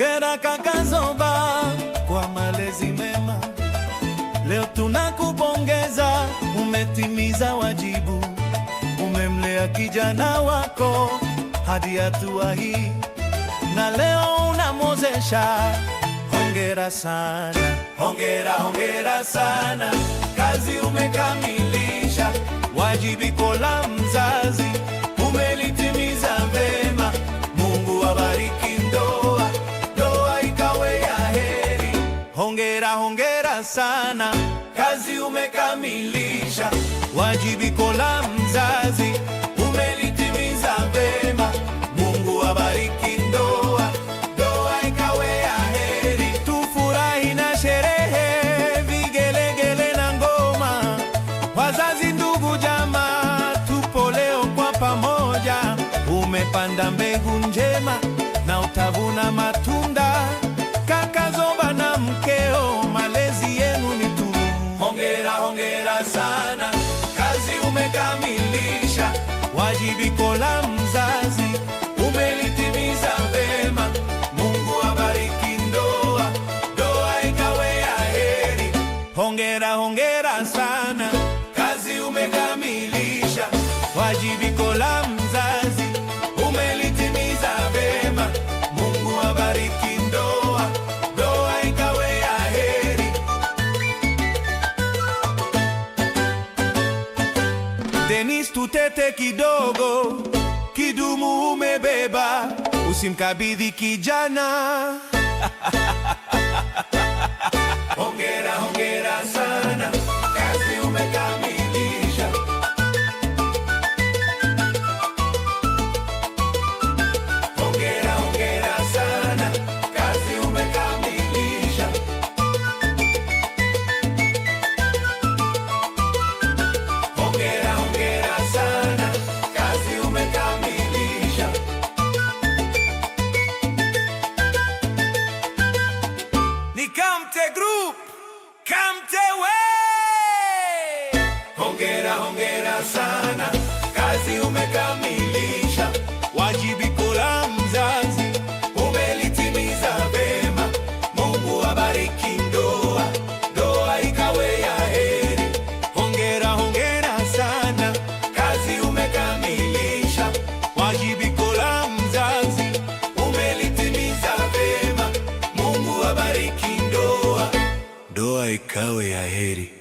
Hongera kaka Zoba kwa malezi mema, leo tunakupongeza, umetimiza wajibu, umemlea kijana wako hadi hatua hii, na leo unamwozesha. Hongera sana, hongera, hongera sana, kazi umekamilisha wajibu na hongera sana, kazi umekamilisha, wajibiko la mzazi umelitimiza vema. Mungu abariki ndoa, ndoa ikawe ya heri, tufurahi na sherehe, vigelegele na ngoma. Wazazi, ndugu, jamaa, tupo leo kwa pamoja, umepanda mbegu njema na utavuna sana, kazi umekamilisha, wajibiko la mzazi umelitimiza vema. Mungu abariki ndoa, ndoa ikawe ya heri. Hongera, hongera sana, kazi umekamilisha, wajibiko Denis tutete kidogo, kidumu umebeba, usimkabidhi kijana ni Kamte Group. Kamte we! Hongera, hongera sana, kazi umekami ikawe ya heri.